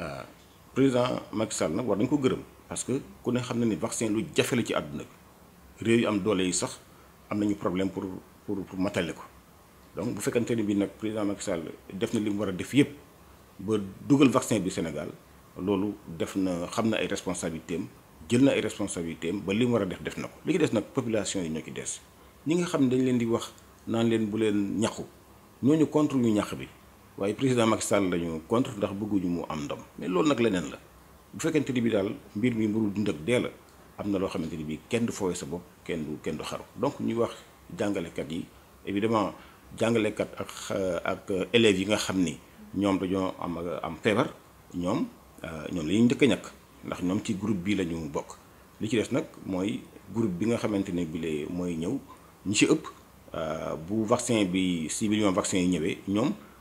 Euh, président Macky Sall nag war dañ ko gërëm parce que ku ne xam na ni vaccin lu jafé la ci aduna réew yi am doole yi sax am nañu problème pour pour pour matalé ko donc bu fekkante ni bi nak président Macky Sall def na lim wara def yépp ba dugal vaccin bi Sénégal lolu def na xam na ay responsabilités am jël na ay responsabilités am ba lim wara def def nako li ci dess nak population yi ñoo dess des ñi nga xam dañ leen di wax nan leen bu leen ñaxu ñooñu contre ñu ñax bi. waaye président Macky Sall la contre ndax bëgguñu mu am ndam mais loolu nag leneen la bu fekkente ni bii daal mbir mi mbiru dund ak dee la am na loo xamante ni bii kenn du fooye sa bopp kenn du kenn du xaru donc ñuy wax jàngalekat yi évidemment jàngalekat ak euh, ak élèves yi nga xam ni ñoom dañoo am am feebar ñoom euh, ñoom la njëkk a ñàkk ndax ñoom ci groupe bi la ñu bokk li ci des nag mooy groupe bi nga xamante ne bile mooy ñëw ñi ci ëpp euh, bu vaccin bi si million vaccin yi ñëwee ñoom.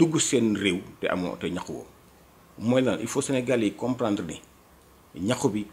dugg seen réew te amoo te ñaxu mooy lan il faut Sénégal yi comprendre ni ñaxu bi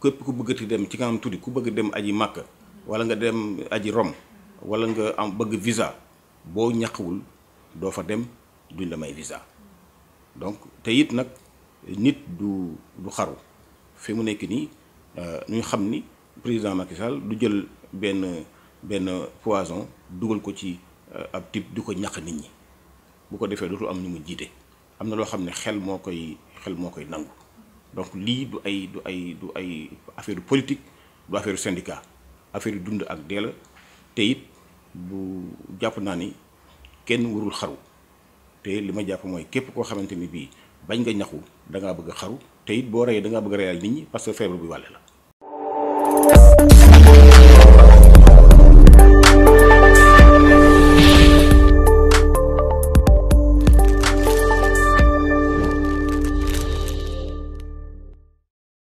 képp ku bëggati dem ci kanam tuddi ku bëgg dem aji Màkka wala nga dem aji Rome wala nga am bëgg visa boo ñaxuwul doo fa dem duñ la may visa donc te it nag nit du du xaru fi mu nekk nii euh, ñu xam ni président Macky du jël benn benn poison dugal ko ci euh, ab type du ko ñax nit ñi bu ko defee dootu am ñu mu jiite am na loo xam ne xel moo koy xel moo koy nangu donc lii du ay du ay du ay affaire politique du affaire syndicat affaire dund ak dee la bu jàpp naa ni kenn warul xaru te li ma jàpp mooy képp koo xamante ni bii bañ nga ñaxu da ngaa bëgg a xaru te it boo reyee da ngaa bëgg a reyal nit ñi parce que feebar bi wàlle la